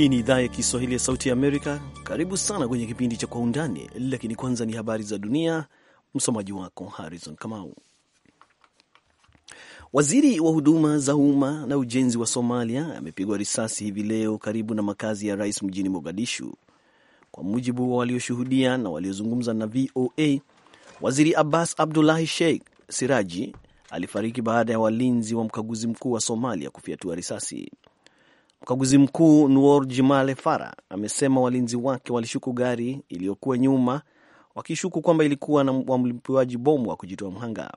Hii ni idhaa ya Kiswahili ya Sauti ya Amerika. Karibu sana kwenye kipindi cha Kwa Undani, lakini kwanza ni habari za dunia. Msomaji wako Harrison Kamau. Waziri wa huduma za umma na ujenzi wa Somalia amepigwa risasi hivi leo karibu na makazi ya rais mjini Mogadishu, kwa mujibu wa walioshuhudia na waliozungumza na VOA. Waziri Abbas Abdullahi Sheikh Siraji alifariki baada ya walinzi wa mkaguzi mkuu wa Somalia kufyatua risasi. Mkaguzi mkuu Nuor Jimale Fara amesema walinzi wake walishuku gari iliyokuwa nyuma wakishuku kwamba ilikuwa na wamlipiwaji bomu wa kujitoa mhanga.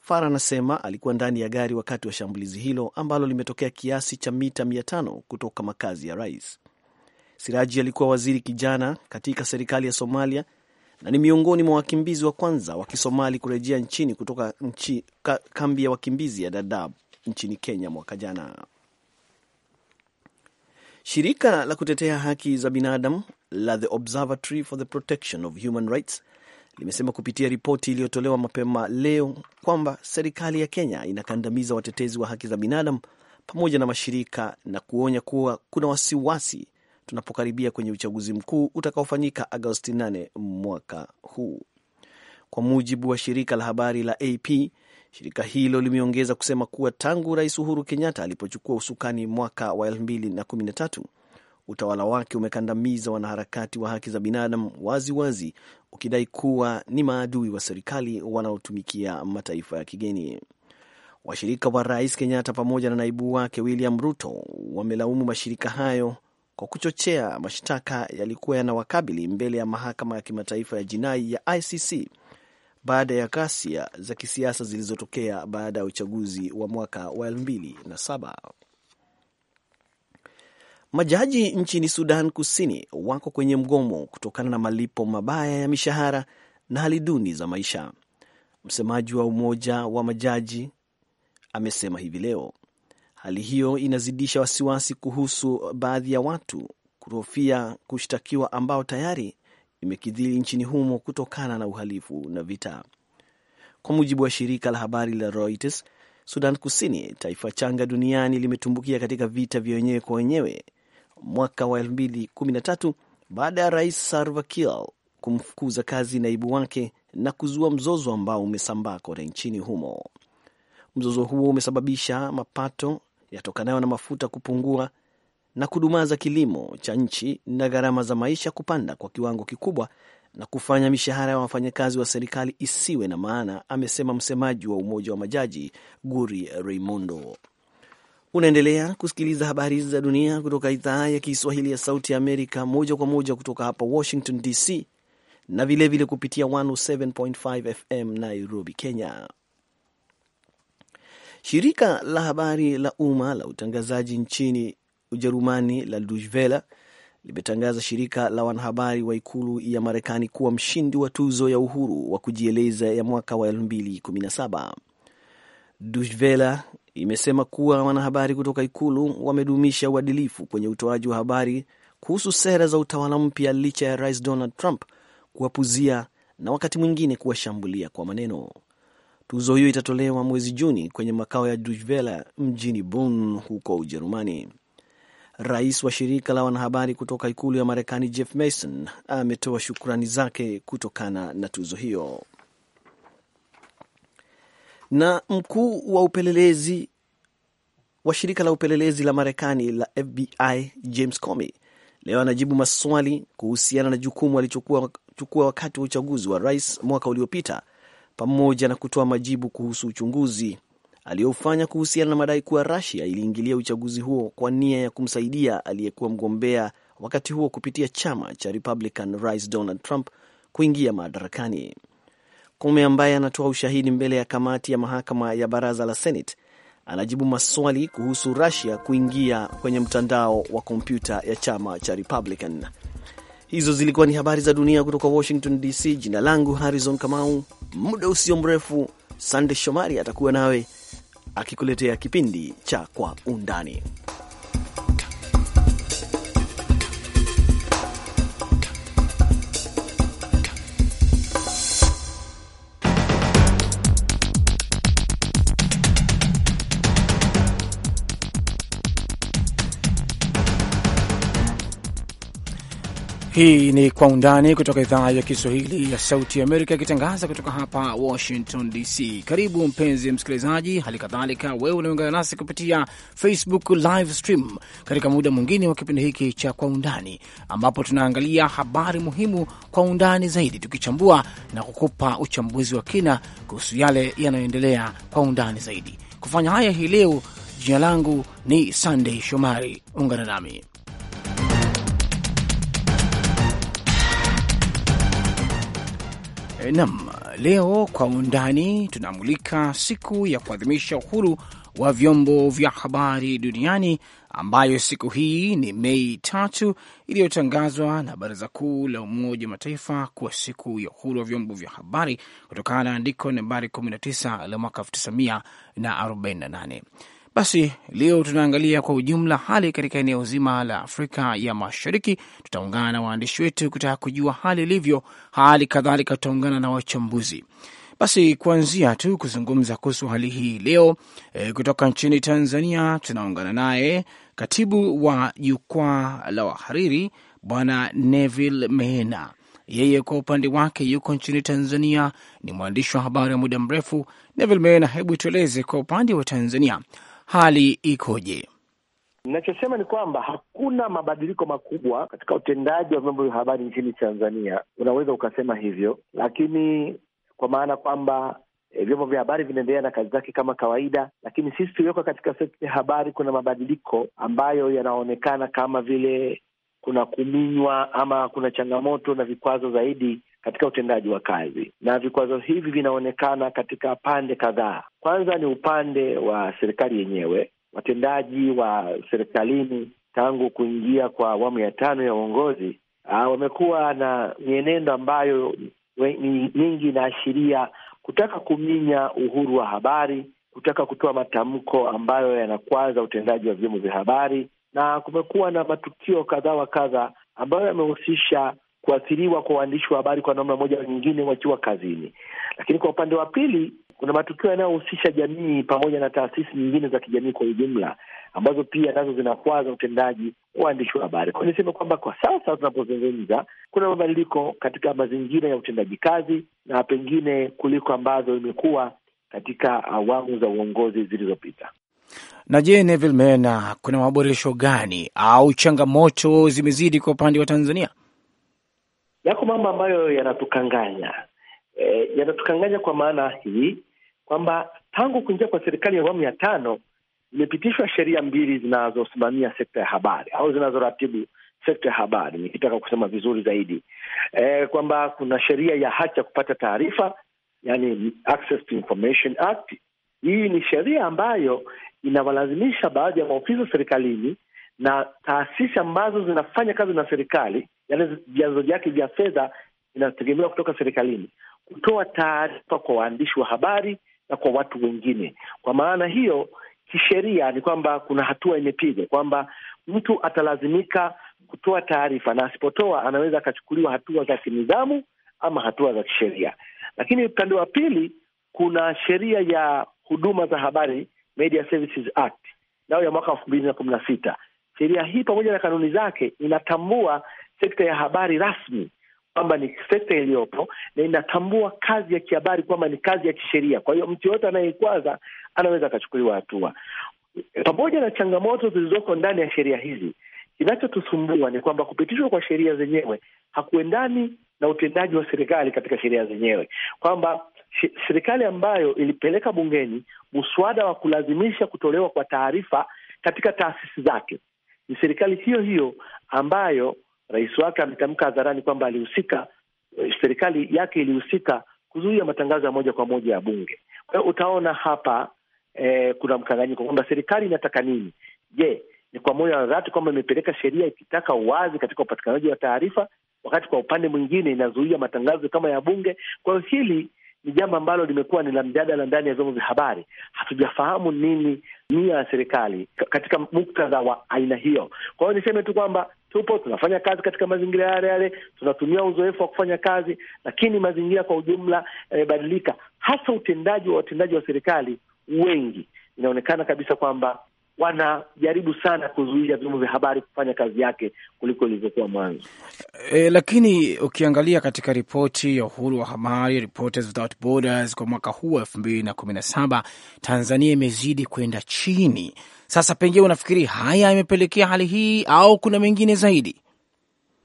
Fara anasema alikuwa ndani ya gari wakati wa shambulizi hilo ambalo limetokea kiasi cha mita 5 kutoka makazi ya rais. Siraji alikuwa waziri kijana katika serikali ya Somalia na ni miongoni mwa wakimbizi wa kwanza wa Kisomali kurejea nchini kutoka nchi, ka, kambi ya wakimbizi ya Dadaab nchini Kenya mwaka jana. Shirika la kutetea haki za binadamu la The Observatory for the Protection of Human Rights limesema kupitia ripoti iliyotolewa mapema leo kwamba serikali ya Kenya inakandamiza watetezi wa haki za binadamu pamoja na mashirika na kuonya kuwa kuna wasiwasi tunapokaribia kwenye uchaguzi mkuu utakaofanyika Agosti 8 mwaka huu. Kwa mujibu wa shirika la habari la AP, Shirika hilo limeongeza kusema kuwa tangu Rais Uhuru Kenyatta alipochukua usukani mwaka wa 2013 utawala wake umekandamiza wanaharakati wa haki za binadamu waziwazi, ukidai kuwa ni maadui wa serikali wanaotumikia mataifa ya kigeni. Washirika wa Rais Kenyatta pamoja na naibu wake William Ruto wamelaumu mashirika hayo kwa kuchochea mashtaka yalikuwa yanawakabili mbele ya mahakama ya kimataifa ya jinai ya ICC baada ya ghasia za kisiasa zilizotokea baada ya uchaguzi wa mwaka wa 27 Majaji nchini Sudan Kusini wako kwenye mgomo kutokana na malipo mabaya ya mishahara na hali duni za maisha. Msemaji wa umoja wa majaji amesema hivi leo, hali hiyo inazidisha wasiwasi kuhusu baadhi ya watu kuhofia kushtakiwa ambao tayari imekidhili nchini humo kutokana na uhalifu na vita. Kwa mujibu wa shirika la habari la Reuters, Sudan Kusini, taifa changa duniani, limetumbukia katika vita vya wenyewe kwa wenyewe mwaka wa 2013 baada ya rais Salva Kiir kumfukuza kazi naibu wake na kuzua mzozo ambao umesambaa kote nchini humo. Mzozo huo umesababisha mapato yatokanayo na mafuta kupungua na kudumaza kilimo cha nchi na gharama za maisha kupanda kwa kiwango kikubwa na kufanya mishahara ya wafanyakazi wa serikali isiwe na maana, amesema msemaji wa umoja wa majaji Guri Raimondo. Unaendelea kusikiliza habari za dunia kutoka idhaa ya Kiswahili ya Sauti ya Amerika, moja kwa moja kutoka hapa Washington DC, na vilevile vile kupitia 107.5 FM Nairobi, Kenya. Shirika la habari la umma la utangazaji nchini Ujerumani la Deutsche Welle limetangaza shirika la wanahabari wa ikulu ya Marekani kuwa mshindi wa tuzo ya uhuru wa kujieleza ya mwaka wa 2017. Deutsche Welle imesema kuwa wanahabari kutoka ikulu wamedumisha uadilifu kwenye utoaji wa habari kuhusu sera za utawala mpya licha ya Rais Donald Trump kuwapuzia na wakati mwingine kuwashambulia kwa maneno. Tuzo hiyo itatolewa mwezi Juni kwenye makao ya Deutsche Welle mjini Bonn huko Ujerumani. Rais wa shirika la wanahabari kutoka ikulu ya Marekani Jeff Mason ametoa shukrani zake kutokana na tuzo hiyo. Na mkuu wa upelelezi wa shirika la upelelezi la Marekani la FBI James Comey leo anajibu maswali kuhusiana na jukumu alichochukua wakati wa uchaguzi wa rais mwaka uliopita pamoja na kutoa majibu kuhusu uchunguzi aliyofanya kuhusiana na madai kuwa Russia iliingilia uchaguzi huo kwa nia ya kumsaidia aliyekuwa mgombea wakati huo kupitia chama cha Republican Rais Donald Trump kuingia madarakani. Comey ambaye anatoa ushahidi mbele ya kamati ya mahakama ya baraza la Senate anajibu maswali kuhusu Russia kuingia kwenye mtandao wa kompyuta ya chama cha Republican. Hizo zilikuwa ni habari za dunia kutoka Washington DC. Jina langu Harrison Kamau. Muda usio mrefu, Sande Shomari atakuwa nawe akikuletea kipindi cha Kwa Undani. Hii ni Kwa Undani kutoka idhaa ya Kiswahili ya Sauti Amerika, ikitangaza kutoka hapa Washington DC. Karibu mpenzi msikilizaji, hali kadhalika wewe unaungana nasi kupitia Facebook live stream katika muda mwingine wa kipindi hiki cha Kwa Undani, ambapo tunaangalia habari muhimu kwa undani zaidi, tukichambua na kukupa uchambuzi wa kina kuhusu yale yanayoendelea kwa undani zaidi. Kufanya haya hii leo, jina langu ni sandey Shomari. Ungana nami Eh, nam, leo kwa undani tunamulika siku ya kuadhimisha uhuru wa vyombo vya habari duniani ambayo siku hii ni Mei tatu, iliyotangazwa na Baraza Kuu la Umoja wa Mataifa kuwa siku ya uhuru wa vyombo vya habari kutokana na andiko nambari 19 la mwaka 1948. Basi leo tunaangalia kwa ujumla hali katika eneo zima la Afrika ya Mashariki. Tutaungana na waandishi wetu kutaka kujua hali ilivyo, hali kadhalika tutaungana na wachambuzi. Basi kuanzia tu kuzungumza kuhusu hali hii leo, e, kutoka nchini Tanzania tunaungana naye katibu wa jukwaa la wahariri Bwana Neville Meena. Yeye kwa upande wake yuko nchini Tanzania, ni mwandishi wa habari wa muda mrefu. Neville Meena, hebu tueleze kwa upande wa Tanzania hali ikoje? inachosema ni kwamba hakuna mabadiliko makubwa katika utendaji wa vyombo vya habari nchini Tanzania, unaweza ukasema hivyo, lakini kwa maana kwamba e, vyombo vya habari vinaendelea na kazi zake kama kawaida, lakini sisi tulioko katika sekta ya habari kuna mabadiliko ambayo yanaonekana kama vile kuna kuminywa ama kuna changamoto na vikwazo zaidi katika utendaji wa kazi, na vikwazo hivi vinaonekana katika pande kadhaa. Kwanza ni upande wa serikali yenyewe, watendaji wa serikalini tangu kuingia kwa awamu ya tano ya uongozi ah, wamekuwa na mienendo ambayo nyingi inaashiria kutaka kuminya uhuru wa habari, kutaka kutoa matamko ambayo yanakwaza utendaji wa vyombo vya habari, na kumekuwa na matukio kadha wa kadha ambayo yamehusisha kuathiriwa kwa waandishi wa habari kwa namna moja nyingine wakiwa kazini. Lakini kwa upande wa pili, kuna matukio yanayohusisha jamii pamoja na taasisi nyingine za kijamii kwa ujumla, ambazo pia nazo zinakwaza utendaji wa waandishi wa habari. Kwa niseme kwamba kwa sasa tunapozungumza, kuna mabadiliko katika mazingira ya utendaji kazi na pengine kuliko ambazo imekuwa katika awamu za uongozi zilizopita. Na je, Neville Mena, kuna maboresho gani au changamoto zimezidi kwa upande wa Tanzania? Yako mambo ambayo yanatukanganya e, yanatukanganya kwa maana hii kwamba tangu kuingia kwa serikali ya awamu ya tano imepitishwa sheria mbili zinazosimamia sekta ya habari au zinazoratibu sekta ya habari, nikitaka kusema vizuri zaidi e, kwamba kuna sheria ya haki ya kupata taarifa, yani Access to Information Act. Hii ni sheria ambayo inawalazimisha baadhi ya maofisa serikalini na taasisi ambazo zinafanya kazi na serikali yale yaani, vyanzo vyake vya fedha vinategemewa kutoka serikalini, kutoa taarifa kwa waandishi wa habari na kwa watu wengine. Kwa maana hiyo, kisheria ni kwamba kuna hatua imepigwa kwamba mtu atalazimika kutoa taarifa, na asipotoa anaweza akachukuliwa hatua za kinidhamu ama hatua za kisheria. Lakini upande wa pili, kuna sheria ya huduma za habari, Media Services Act, nayo ya mwaka elfu mbili na kumi na sita. Sheria hii pamoja na kanuni zake inatambua sekta ya habari rasmi kwamba ni sekta iliyopo na inatambua kazi ya kihabari kwamba ni kazi ya kisheria. Kwa hiyo mtu yoyote anayeikwaza anaweza akachukuliwa hatua, pamoja na changamoto zilizoko ndani ya sheria hizi. Kinachotusumbua ni kwamba kupitishwa kwa sheria zenyewe hakuendani na utendaji wa serikali katika sheria zenyewe, kwamba serikali ambayo ilipeleka bungeni mswada wa kulazimisha kutolewa kwa taarifa katika taasisi zake ni serikali hiyo hiyo ambayo rais wake ametamka hadharani kwamba alihusika, eh, serikali yake ilihusika kuzuia matangazo ya moja kwa moja ya bunge. Kwa hiyo utaona hapa eh, kuna mkanganyiko kwamba serikali inataka nini. Je, ni kwa moyo wa dhati kwamba imepeleka sheria ikitaka uwazi katika upatikanaji wa taarifa, wakati kwa upande mwingine inazuia matangazo kama ya bunge? Kwa hiyo hili ni jambo ambalo limekuwa ni la mjadala ndani ya vyombo vya habari. Hatujafahamu nini nia ya serikali katika muktadha wa aina hiyo. Kwa hiyo niseme tu kwamba tupo tunafanya kazi katika mazingira yale yale, tunatumia uzoefu wa kufanya kazi, lakini mazingira kwa ujumla yamebadilika, eh, hasa utendaji wa watendaji wa serikali. Wengi inaonekana kabisa kwamba wanajaribu sana kuzuia vyombo vya habari kufanya kazi yake kuliko ilivyokuwa mwanzo. E, lakini ukiangalia katika ripoti ya uhuru wa habari Reporters Without Borders kwa mwaka huu wa elfu mbili na kumi na saba Tanzania imezidi kwenda chini sasa pengine unafikiri haya yamepelekea hali hii au kuna mengine zaidi?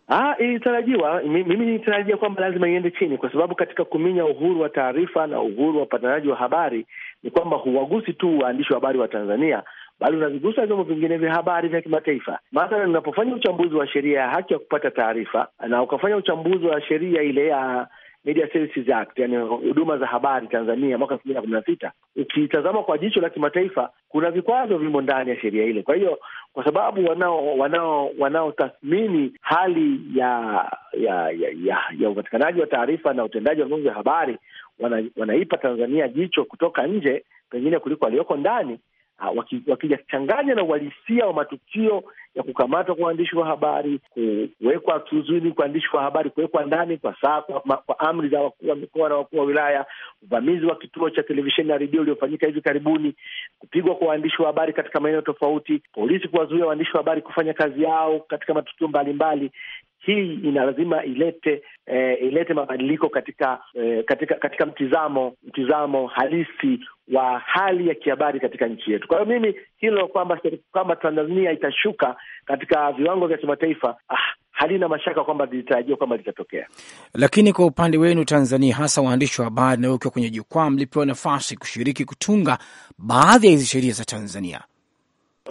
Ah, ilitarajiwa. Mimi nilitarajia kwamba lazima iende chini, kwa sababu katika kuminya uhuru wa taarifa na uhuru wa upatanaji wa habari ni kwamba huwagusi tu waandishi wa habari wa Tanzania bali unavigusa vyombo vingine vya habari vya kimataifa. Mathalan, unapofanya uchambuzi wa sheria ya haki ya kupata taarifa na ukafanya uchambuzi wa sheria ile ya Media Services Act, yani huduma za habari Tanzania mwaka elfu mbili na kumi na sita, ukitazama kwa jicho la kimataifa kuna vikwazo vimo ndani ya sheria ile. Kwa hiyo kwa sababu wanao wanao wanaotathmini hali ya ya ya, ya, ya upatikanaji wa taarifa na utendaji wa vyombo vya habari wana, wanaipa Tanzania jicho kutoka nje pengine kuliko walioko ndani. Ah, wakichanganya na uhalisia wa matukio ya kukamatwa kwa waandishi wa habari, kuwekwa kiuzuni kwa waandishi wa habari, kuwekwa ndani kwa saa kwa, kwa amri za wakuu wa mikoa na wakuu wa wilaya, uvamizi wa kituo cha televisheni na redio uliofanyika hivi karibuni, kupigwa kwa waandishi wa habari katika maeneo tofauti, polisi kuwazuia waandishi wa habari kufanya kazi yao katika matukio mbalimbali hii ina lazima ilete eh, ilete mabadiliko katika eh, katika katika mtizamo mtizamo halisi wa hali ya kihabari katika nchi yetu. Kwa hiyo mimi hilo kwamba kwamba Tanzania itashuka katika viwango vya kimataifa ah, halina mashaka kwamba lilitarajiwa kwamba litatokea. Lakini kwa upande wenu Tanzania, hasa waandishi wa habari, na ukiwa kwenye jukwaa, mlipewa nafasi kushiriki kutunga baadhi ya hizi sheria za Tanzania,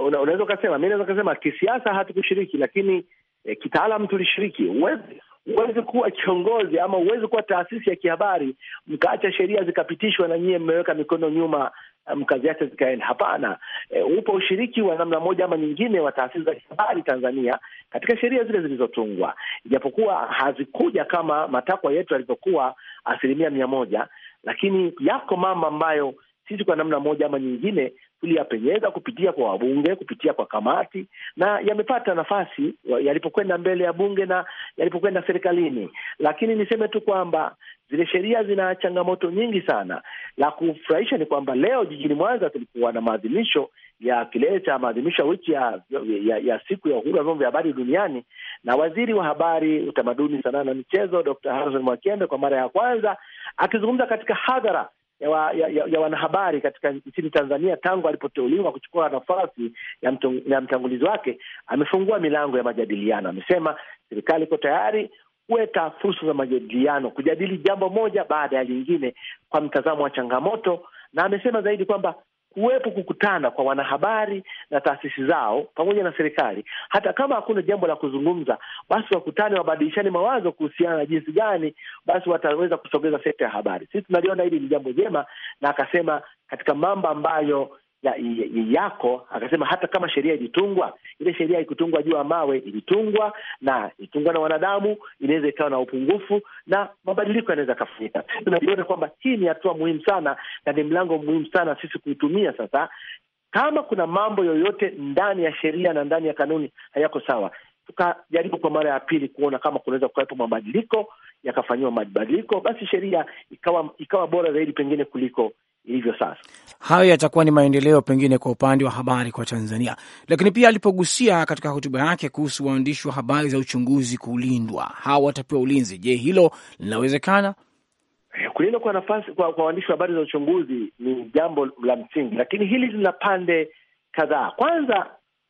unaweza ukasema, mi naweza ukasema kisiasa hatukushiriki, lakini e, eh, kitaalam tulishiriki. Huwezi huwezi kuwa kiongozi ama huwezi kuwa taasisi ya kihabari mkaacha sheria zikapitishwa na nyie mmeweka mikono nyuma eh, mkazi yake zikaenda. Hapana. E, upo ushiriki wa namna moja ama nyingine wa taasisi za kihabari Tanzania katika sheria zile zilizotungwa, ijapokuwa hazikuja kama matakwa yetu yalivyokuwa asilimia mia moja, lakini yako mama ambayo sisi kwa namna moja ama nyingine tuliyapenyeza kupitia kwa wabunge, kupitia kwa kamati, na yamepata nafasi yalipokwenda mbele ya bunge na yalipokwenda serikalini. Lakini niseme tu kwamba zile sheria zina changamoto nyingi sana. La kufurahisha ni kwamba leo jijini Mwanza tulikuwa na maadhimisho ya kilele cha maadhimisho ya wiki ya, ya, ya siku ya uhuru wa vyombo vya habari duniani, na waziri wa habari, utamaduni, sanaa na michezo Dr. Harrison Mwakyembe kwa mara ya kwanza akizungumza katika hadhara ya, wa, ya, ya, ya wanahabari katika nchini Tanzania tangu alipoteuliwa kuchukua nafasi ya, ya mtangulizi wake, amefungua milango ya majadiliano. Amesema serikali iko tayari kuweka fursa za majadiliano, kujadili jambo moja baada ya lingine kwa mtazamo wa changamoto, na amesema zaidi kwamba kuwepo kukutana kwa wanahabari na taasisi zao pamoja na serikali. Hata kama hakuna jambo la kuzungumza, basi wakutane, wabadilishane mawazo kuhusiana na jinsi gani basi wataweza kusogeza sekta ya habari. Sisi tunaliona hili ni jambo jema, na akasema katika mambo ambayo ya, ya, yako. Akasema hata kama sheria ilitungwa, ile sheria haikutungwa juu ya mawe, ilitungwa na ilitungwa na wanadamu, inaweza ikawa na upungufu na mabadiliko yanaweza akafanyika. Tunajiona kwamba hii ni hatua muhimu sana na ni mlango muhimu sana sisi kuitumia sasa. Kama kuna mambo yoyote ndani ya sheria na ndani ya kanuni hayako sawa, tukajaribu kwa mara ya pili kuona kama kunaweza kukawepo mabadiliko yakafanyiwa mabadiliko, basi sheria ikawa ikawa bora zaidi pengine kuliko ilivyo sasa. Hayo yatakuwa ni maendeleo pengine kwa upande wa habari kwa Tanzania, lakini pia alipogusia katika hotuba yake kuhusu waandishi wa habari za uchunguzi kulindwa, hawa watapewa ulinzi. Je, hilo linawezekana? Eh, kulindwa kwa nafasi kwa, kwa waandishi wa habari za uchunguzi ni jambo la msingi, lakini hili lina pande kadhaa. Kwanza,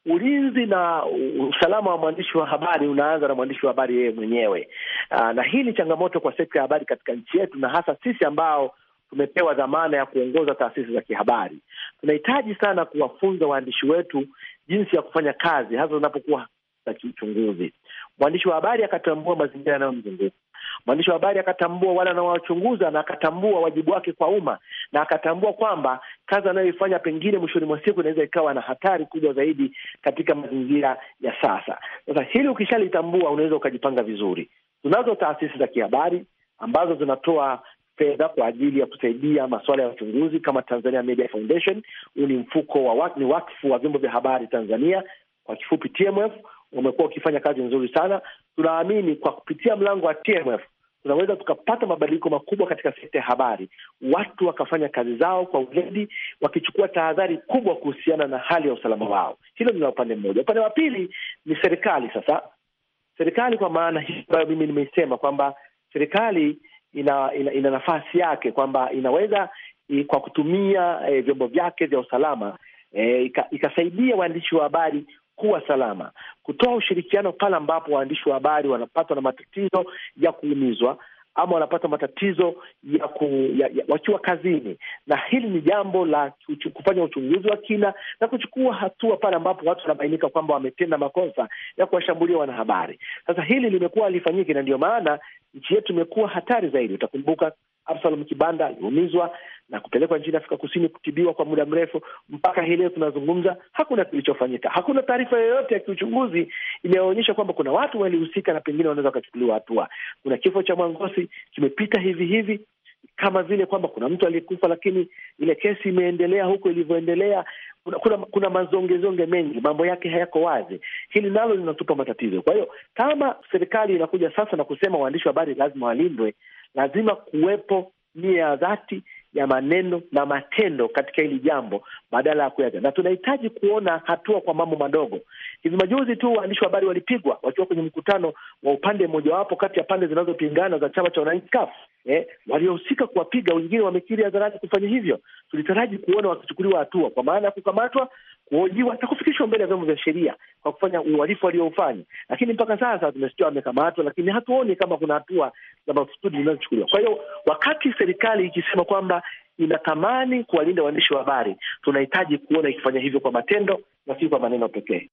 ulinzi na usalama wa mwandishi wa habari unaanza na mwandishi wa habari yeye mwenyewe. Aa, ah, na hii ni changamoto kwa sekta ya habari katika nchi yetu, na hasa sisi ambao tumepewa dhamana ya kuongoza taasisi za kihabari. Tunahitaji sana kuwafunza waandishi wetu jinsi ya kufanya kazi, hasa zinapokuwa za kiuchunguzi. Mwandishi wa habari akatambua mazingira yanayomzunguka, mwandishi wa habari akatambua wale anaowachunguza, na akatambua wajibu wake kwa umma, na akatambua kwamba kazi anayoifanya pengine mwishoni mwa siku inaweza ikawa na hatari kubwa zaidi katika mazingira ya sasa. Sasa hili ukishalitambua, unaweza ukajipanga vizuri. Tunazo taasisi za kihabari ambazo zinatoa fedha kwa ajili ya kusaidia masuala ya uchunguzi kama Tanzania Media Foundation. Huu ni mfuko wa ni wakfu wa vyombo vya habari Tanzania, kwa kifupi TMF. umekuwa wakifanya kazi nzuri sana. Tunaamini kwa kupitia mlango wa TMF tunaweza tukapata mabadiliko makubwa katika sekta ya habari, watu wakafanya kazi zao kwa weledi, wakichukua tahadhari kubwa kuhusiana na hali ya usalama wao. Hilo ni la upande mmoja. Upande wa pili ni serikali. Sasa serikali kwa maana hii ambayo mimi nimeisema kwamba serikali ina, ina, ina nafasi yake kwamba inaweza kwa kutumia eh, vyombo vyake vya usalama e, ikasaidia waandishi wa habari kuwa salama, kutoa ushirikiano pale ambapo waandishi wa habari wanapatwa na matatizo ya kuumizwa ama wanapata matatizo ya, ku, ya, ya wakiwa kazini, na hili ni jambo la kuchu, kufanya uchunguzi wa kina na kuchukua hatua pale ambapo watu wanabainika kwamba wametenda makosa ya kuwashambulia wanahabari. Sasa hili limekuwa halifanyiki, na ndio maana nchi yetu imekuwa hatari zaidi. Utakumbuka Absalom Kibanda aliumizwa na kupelekwa nchini Afrika Kusini kutibiwa kwa muda mrefu. Mpaka hii leo tunazungumza, hakuna kilichofanyika, hakuna taarifa yoyote ya kiuchunguzi inayoonyesha kwamba kuna watu walihusika na pengine wanaweza wakachukuliwa hatua. Kuna kifo cha Mwangosi kimepita hivi hivi, kama vile kwamba kuna mtu aliyekufa, lakini ile kesi imeendelea huko ilivyoendelea, kuna, kuna, kuna mazongezonge mengi, mambo yake hayako wazi. Hili nalo linatupa matatizo. Kwa hiyo kama serikali inakuja sasa na kusema waandishi wa habari lazima walindwe, lazima kuwepo nia ya dhati ya maneno na matendo katika hili jambo badala ya kuweka, na tunahitaji kuona hatua kwa mambo madogo. Hivi majuzi tu waandishi wa habari walipigwa wakiwa kwenye mkutano wa upande mmojawapo kati ya pande zinazopingana za chama cha wananchi CUF. Eh, waliohusika kuwapiga wengine wamekiri hadharani kufanya hivyo. Tulitaraji kuona wakichukuliwa hatua, kwa maana ya kukamatwa, kuhojiwa hata kufikishwa mbele ya vyombo vya sheria kwa kufanya uhalifu aliofanya, lakini mpaka sasa tumesikia amekamatwa, lakini hatuoni kama kuna hatua za makusudi zinazochukuliwa. Kwa hiyo wakati serikali ikisema kwamba inatamani kuwalinda waandishi wa habari, tunahitaji kuona ikifanya hivyo kwa matendo na si kwa maneno pekee.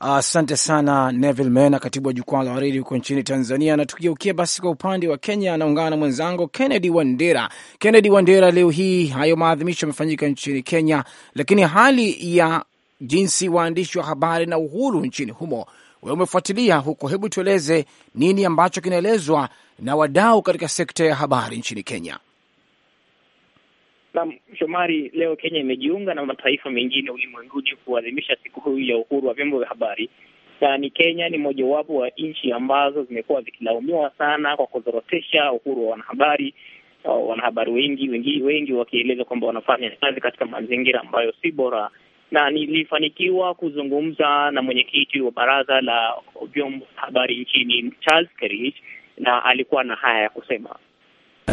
Asante sana Neville Mena, katibu wa jukwaa la waridi huko nchini Tanzania. Na tukigeukia basi kwa upande wa Kenya, anaungana na mwenzangu Kennedy Wandera. Kennedy Wandera, leo hii hayo maadhimisho yamefanyika nchini Kenya, lakini hali ya jinsi waandishi wa habari na uhuru nchini humo. Wewe umefuatilia huko, hebu tueleze nini ambacho kinaelezwa na wadau katika sekta ya habari nchini Kenya. Naam, Shomari, leo Kenya imejiunga na mataifa mengine ulimwenguni kuadhimisha siku huu ya uhuru wa vyombo vya habari, na ni Kenya ni mojawapo wa nchi ambazo zimekuwa zikilaumiwa sana kwa kuzorotesha uhuru wa wanahabari wanahabari wengi wengi wengi wakieleza kwamba wanafanya kazi katika mazingira ambayo si bora na nilifanikiwa kuzungumza na mwenyekiti wa baraza la vyombo habari nchini Charles Kerich, na alikuwa na haya ya kusema.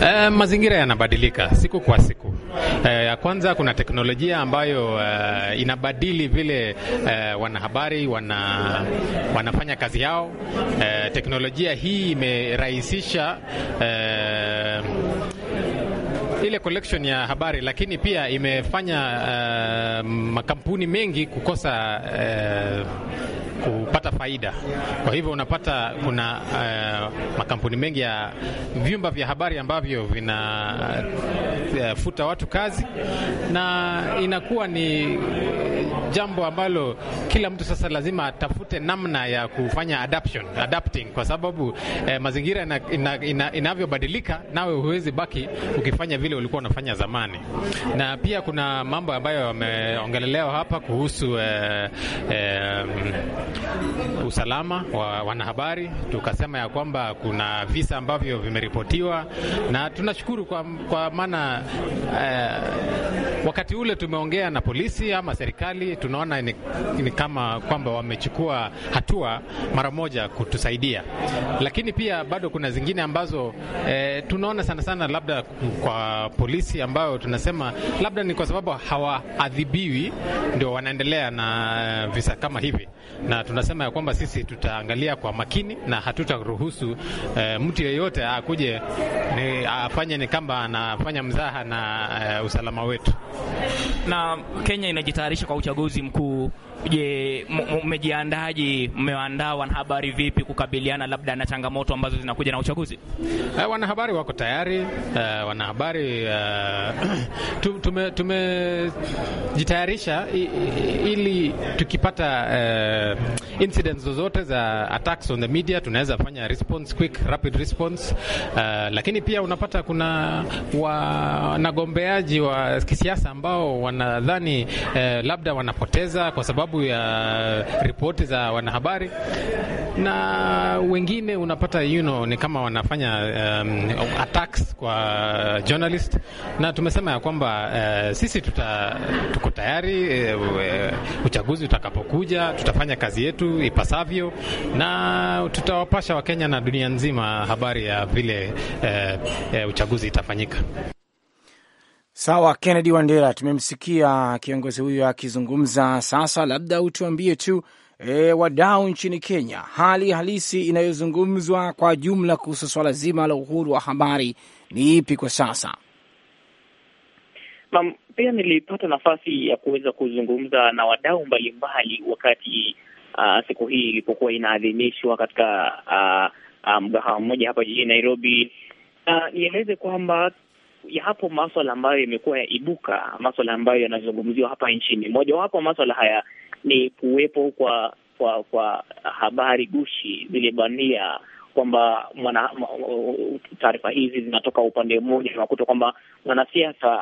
E, mazingira yanabadilika siku kwa siku. Eh, ya kwanza kuna teknolojia ambayo e, inabadili vile e, wanahabari wana, wanafanya kazi yao. E, teknolojia hii imerahisisha e, ile collection ya habari, lakini pia imefanya uh, makampuni mengi kukosa uh, kupata faida. Kwa hivyo unapata kuna uh, makampuni mengi ya vyumba vya habari ambavyo vinafuta eh, uh, watu kazi na inakuwa ni jambo ambalo kila mtu sasa lazima atafute namna ya kufanya adaption, adapting kwa sababu eh, mazingira inavyobadilika ina, ina, nawe huwezi baki ukifanya vile ulikuwa unafanya zamani. Na pia kuna mambo ambayo yameongelelewa hapa kuhusu eh, eh, usalama wa wanahabari, tukasema ya kwamba kuna visa ambavyo vimeripotiwa na tunashukuru kwa, kwa maana eh, Wakati ule tumeongea na polisi ama serikali, tunaona ni, ni kama kwamba wamechukua hatua mara moja kutusaidia, lakini pia bado kuna zingine ambazo e, tunaona sana sana labda kwa polisi ambayo tunasema labda ni kwa sababu hawaadhibiwi ndio wanaendelea na visa kama hivi, na tunasema ya kwamba sisi tutaangalia kwa makini na hatutaruhusu e, mtu yeyote akuje ni, eh, afanye ni kamba anafanya mzaha na e, usalama wetu na Kenya inajitayarisha kwa uchaguzi mkuu Je, mmejiandaje? Mmewaandaa wanahabari vipi kukabiliana labda na changamoto ambazo zinakuja na uchaguzi? Uh, wanahabari wako tayari. Uh, wanahabari uh, tumejitayarisha tume ili tukipata uh, incidents zozote za attacks on the media tunaweza fanya response quick, rapid response. Uh, lakini pia unapata kuna wanagombeaji wa kisiasa ambao wanadhani uh, labda wanapoteza kwa sababu sababu ya ripoti za wanahabari na wengine unapata you know, ni kama wanafanya um, attacks kwa journalist, na tumesema ya kwamba uh, sisi tuta, tuko tayari uh, uchaguzi utakapokuja tutafanya kazi yetu ipasavyo, na tutawapasha Wakenya na dunia nzima habari ya vile uh, uh, uchaguzi itafanyika. Sawa, Kennedy Wandera, tumemsikia kiongozi huyo akizungumza. Sasa labda utuambie tu e, wadau nchini Kenya, hali halisi inayozungumzwa kwa jumla kuhusu swala zima la uhuru wa habari ni ipi kwa sasa? Naam, pia nilipata nafasi ya kuweza kuzungumza na wadau mbalimbali wakati uh, siku hii ilipokuwa inaadhimishwa katika uh, mgahawa um, mmoja hapa jijini Nairobi, na uh, nieleze kwamba yapo maswala ambayo yamekuwa yaibuka, maswala ambayo yanazungumziwa hapa nchini. Mojawapo maswala haya ni kuwepo kwa kwa kwa habari gushi zile bandia kwamba mwana taarifa hizi zinatoka upande mmoja, unakuta kwamba mwanasiasa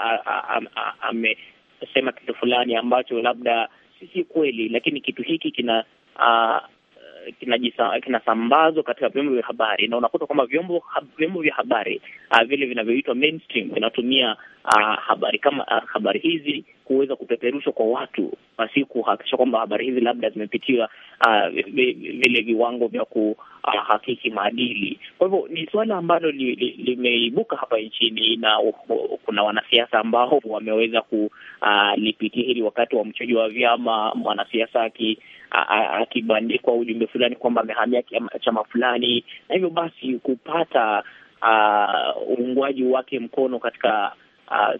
amesema kitu fulani ambacho labda si kweli, lakini kitu hiki kina kinasambazwa katika vyombo vya habari, na unakuta kwamba vyombo vyombo vya habari uh, vile vinavyoitwa mainstream vinatumia uh, habari kama uh, habari hizi kuweza kupeperushwa kwa watu, basi kuhakikisha kwamba habari hizi labda zimepitiwa uh, vile viwango vya kuhakiki uh, maadili. Kwa hivyo ni suala ambalo limeibuka li, li hapa nchini, na uh, uh, kuna wanasiasa ambao wameweza kulipitia uh, hili wakati wa mchujo wa vyama, mwanasiasa aki akibandikwa ujumbe fulani kwamba amehamia chama fulani, na hivyo basi kupata uungwaji wake mkono katika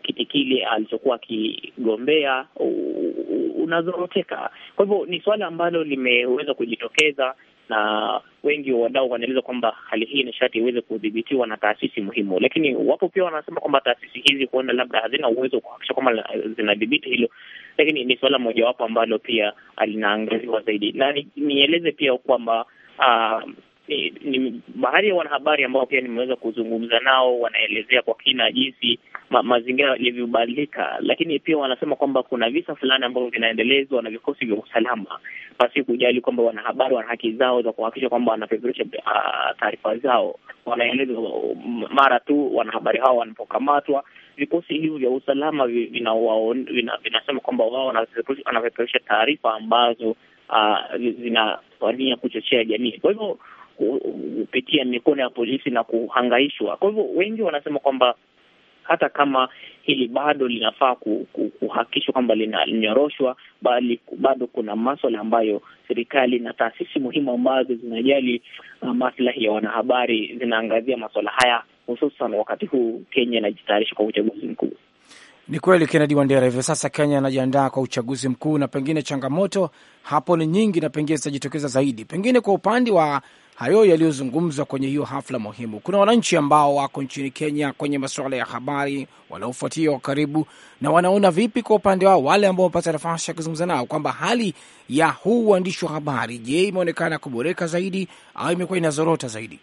kiti kile alichokuwa akigombea unazoroteka. Kwa hivyo ni suala ambalo limeweza kujitokeza na wengi wa wadau wanaeleza kwamba hali hii nishati iweze kudhibitiwa na taasisi muhimu, lakini wapo pia wanasema kwamba taasisi hizi huenda labda hazina uwezo wa kuhakikisha kwamba zinadhibiti hilo, lakini ni suala mojawapo ambalo pia linaangaziwa zaidi, na nieleze pia kwamba uh, ni, ni baadhi ya wanahabari ambao pia nimeweza kuzungumza nao wanaelezea kwa kina jinsi ma, mazingira yalivyobadilika, lakini pia wanasema kwamba kuna visa fulani ambavyo vinaendelezwa na vikosi vya usalama pasi kujali kwamba wanahabari wana haki zao za kuhakikisha kwamba wanapeperusha uh, taarifa zao. wanaeleza uh, mara tu wanahabari hao wanapokamatwa, vikosi hivyo vya usalama vinasema vina, kwamba wao wanapeperusha taarifa ambazo uh, zinawania kuchochea jamii, kwa hivyo kupitia mikono ya polisi na kuhangaishwa. Kwa hivyo wengi wanasema kwamba hata kama hili bado linafaa kuhakikishwa kwamba linanyoroshwa, bali bado kuna maswala ambayo serikali na taasisi muhimu ambazo zinajali uh, maslahi ya wanahabari zinaangazia maswala haya, hususan wakati huu Kenya inajitayarisha kwa uchaguzi mkuu. Ni kweli Kennedy Wandera, hivyo sasa Kenya anajiandaa kwa uchaguzi mkuu, na pengine changamoto hapo ni nyingi, na pengine zitajitokeza zaidi, pengine kwa upande wa hayo yaliyozungumzwa kwenye hiyo hafla muhimu. Kuna wananchi ambao wako nchini Kenya kwenye masuala ya habari, wanaofuatia kwa karibu, na wanaona vipi kwa upande wao, wale ambao wamepata nafasi ya kuzungumza nao kwamba hali ya huu uandishi wa habari, je, imeonekana kuboreka zaidi au imekuwa inazorota zaidi?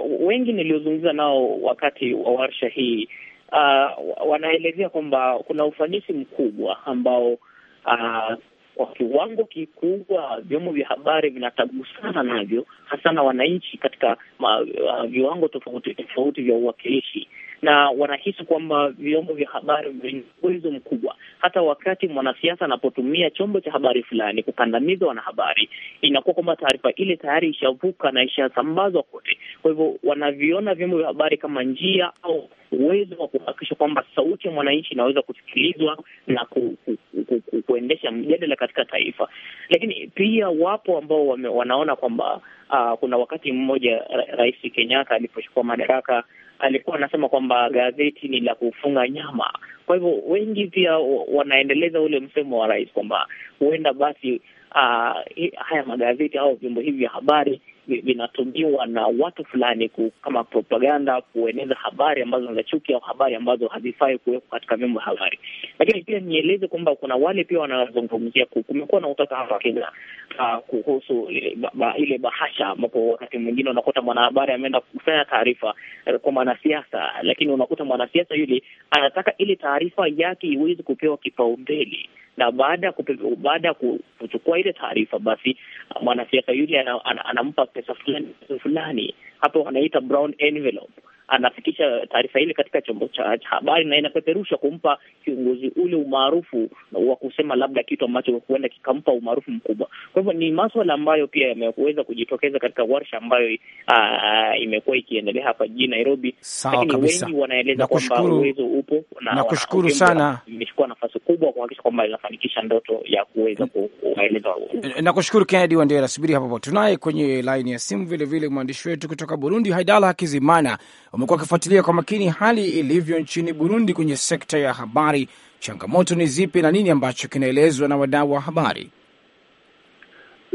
Uh, wengi niliozungumza nao wakati wa warsha hii uh, wanaelezea kwamba kuna ufanisi mkubwa ambao uh, kwa kiwango kikubwa vyombo vya habari vinatagusana navyo, hasa na wananchi katika ma, uh, viwango tofauti tofauti vya uwakilishi na wanahisi kwamba vyombo vya habari vina uwezo mkubwa. Hata wakati mwanasiasa anapotumia chombo cha habari fulani kukandamiza wanahabari, inakuwa kwamba taarifa ile tayari ishavuka na ishasambazwa kote. Kwa hivyo wanaviona vyombo vya habari kama njia au uwezo wa kuhakikisha kwamba sauti ya mwananchi inaweza kusikilizwa na ku, ku, ku, ku, kuendesha mjadala katika taifa. Lakini pia wapo ambao wanaona kwamba uh, kuna wakati mmoja Rais Kenyatta alipochukua madaraka alikuwa anasema kwamba gazeti ni la kufunga nyama. Kwa hivyo wengi pia wanaendeleza ule msemo wa rais kwamba huenda basi uh, haya magazeti au vyombo hivi vya habari vinatumiwa na watu fulani ku, kama propaganda kueneza habari ambazo za chuki au habari ambazo hazifai kuwekwa katika vyombo vya habari. Lakini pia nieleze kwamba kuna wale pia wanazungumzia, kumekuwa na utata hapa Kenya uh, kuhusu ile, ba, ile bahasha ambapo wakati mwingine unakuta mwanahabari ameenda kukusanya taarifa eh, kwa mwanasiasa, lakini unakuta mwanasiasa yule anataka ile taarifa yake iweze kupewa kipaumbele na baada ya baada ya kuchukua ile taarifa, basi uh, mwanasiasa yule anampa pesa fulani fulani, hapo wanaita brown envelope anafikisha taarifa ile katika chombo cha habari na inapeperusha kumpa kiongozi ule umaarufu uh, wa kusema labda kitu ambacho huenda kikampa umaarufu mkubwa. Kwa hivyo ni maswala ambayo pia yameweza kujitokeza katika warsha ambayo uh, imekuwa ikiendelea hapa jijini Nairobi, lakini wengi wanaeleza kwamba uwezo upo na kushukuru sana, imechukua nafasi kubwa kuhakikisha kwamba inafanikisha ndoto ya kuweza kuwaeleza. Eh, eh, nakushukuru Kennedy Wandera, nasubiri hapo. Tunaye kwenye laini ya simu vilevile mwandishi wetu kutoka Burundi, Haidala Hakizimana. Umekuwa ukifuatilia kwa makini hali ilivyo nchini Burundi kwenye sekta ya habari, changamoto ni zipi na nini ambacho kinaelezwa na wadau wa habari?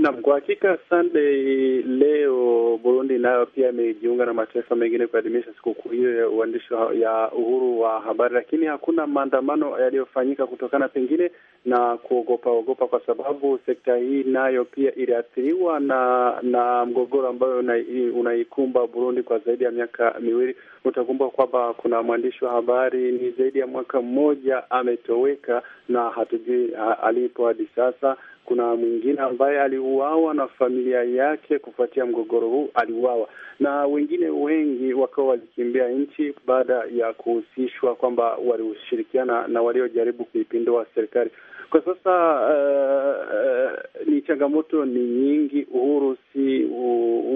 Naam, kwa hakika Sunday, leo Burundi nayo pia imejiunga na mataifa mengine kuadhimisha sikukuu hiyo ya uandishi ya uhuru wa habari, lakini hakuna maandamano yaliyofanyika kutokana pengine na kuogopa ogopa, kwa sababu sekta hii nayo pia iliathiriwa na na mgogoro ambayo unaikumba Burundi kwa zaidi ya miaka miwili. Utakumbuka kwamba kuna mwandishi wa habari ni zaidi ya mwaka mmoja ametoweka na hatujui alipo hadi sasa. Kuna mwingine ambaye aliuawa na familia yake kufuatia mgogoro huu, aliuawa na wengine wengi wakawa walikimbia nchi baada ya kuhusishwa kwamba walishirikiana na waliojaribu kuipindua serikali. Kwa sasa uh, uh, ni changamoto ni nyingi. Uhuru si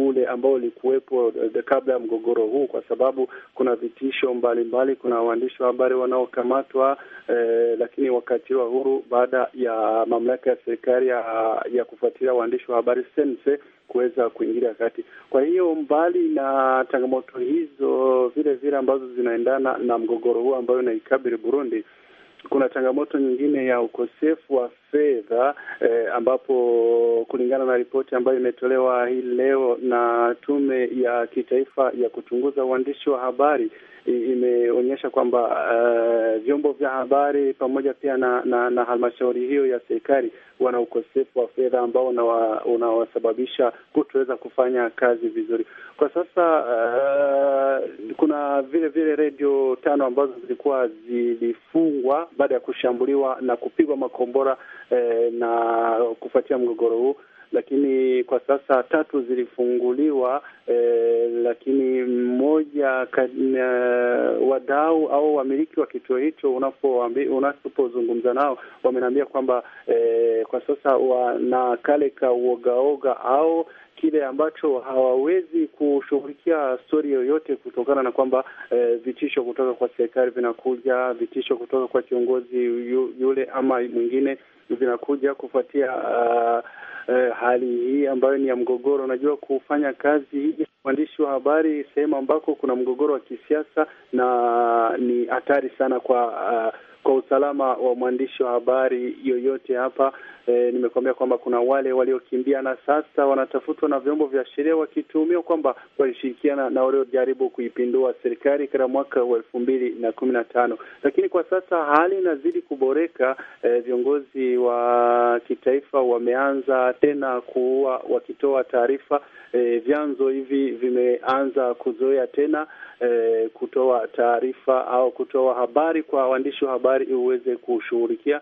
ule ambao ulikuwepo eh, kabla ya mgogoro huu, kwa sababu kuna vitisho mbalimbali mbali, kuna waandishi wa habari wanaokamatwa, uh, lakini wakaachiwa huru baada ya mamlaka ya serikali tayari ya, ya kufuatilia waandishi wa habari sense kuweza kuingilia kati. Kwa hiyo mbali na changamoto hizo vile vile ambazo zinaendana na mgogoro huo ambayo unaikabili Burundi, kuna changamoto nyingine ya ukosefu wa fedha eh, ambapo kulingana na ripoti ambayo imetolewa hii leo na tume ya kitaifa ya kuchunguza uandishi wa habari imeonyesha kwamba uh, vyombo vya habari pamoja pia na, na, na halmashauri hiyo ya serikali wana ukosefu wa fedha ambao unawasababisha kutoweza kufanya kazi vizuri kwa sasa. Uh, kuna vile vile redio tano ambazo zilikuwa zilifungwa baada ya kushambuliwa na kupigwa makombora eh, na kufuatia mgogoro huu lakini kwa sasa tatu zilifunguliwa eh, lakini mmoja eh, wadau au wamiliki wa kituo hicho unapozungumza nao wameniambia kwamba eh, kwa sasa wana kale ka uogaoga au kile ambacho hawawezi kushughulikia stori yoyote kutokana na kwamba e, vitisho kutoka kwa serikali vinakuja, vitisho kutoka kwa kiongozi yu, yule ama mwingine zinakuja kufuatia uh, uh, hali hii ambayo ni ya mgogoro. Unajua, kufanya kazi mwandishi wa habari sehemu ambako kuna mgogoro wa kisiasa na ni hatari sana kwa uh, kwa usalama wa mwandishi wa habari yoyote hapa. E, nimekuambia kwamba kuna wale waliokimbia na sasa wanatafutwa na vyombo vya sheria wakituhumiwa kwamba walishirikiana na waliojaribu kuipindua serikali katika mwaka wa elfu mbili na kumi na tano, lakini kwa sasa hali inazidi kuboreka. E, viongozi wa kitaifa wameanza tena kuwa wakitoa taarifa. E, vyanzo hivi vimeanza kuzoea tena e, kutoa taarifa au kutoa habari kwa waandishi wa habari habari iweze kushughulikia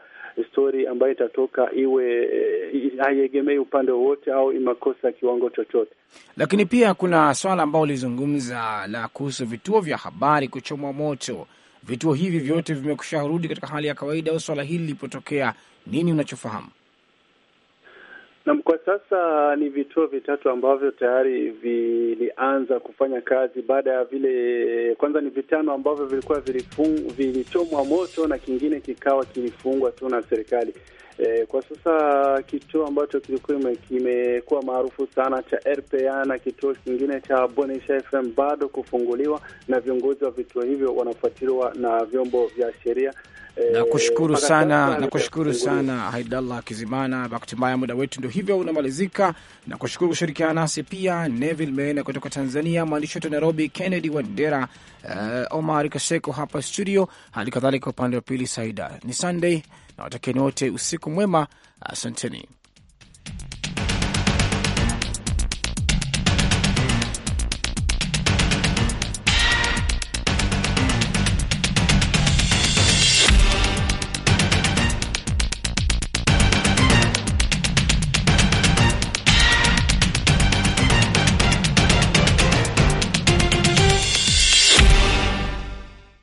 stori ambayo itatoka iwe eh, haiegemei upande wowote au imakosa kiwango chochote. Lakini pia kuna swala ambayo ulizungumza la kuhusu vituo vya habari kuchomwa moto. Vituo hivi vyote vimekusharudi katika hali ya kawaida, au swala hili lilipotokea, nini unachofahamu? Nam, kwa sasa ni vituo vitatu ambavyo tayari vilianza kufanya kazi baada ya vile. Kwanza ni vitano ambavyo vilikuwa vilichomwa moto na kingine kikawa kilifungwa tu na serikali, E, kwa sasa kituo ambacho kilikuwa kimekuwa maarufu sana cha RPA na kituo kingine cha Bonisha FM bado kufunguliwa, na viongozi wa vituo hivyo wanafuatiliwa na vyombo vya sheria. E, kushukuru sana, kushukuru sana Haidallah Kizimana. baktimbaya muda wetu ndio hivyo unamalizika. Nakushukuru kushirikiana nasi pia Neville Mena kutoka Tanzania, mwandishi wetu Nairobi Kennedy Wandera, uh, Omar Kaseko hapa studio, hali kadhalika upande wa pili Saida ni Sunday na watakieni wote usiku mwema, asanteni.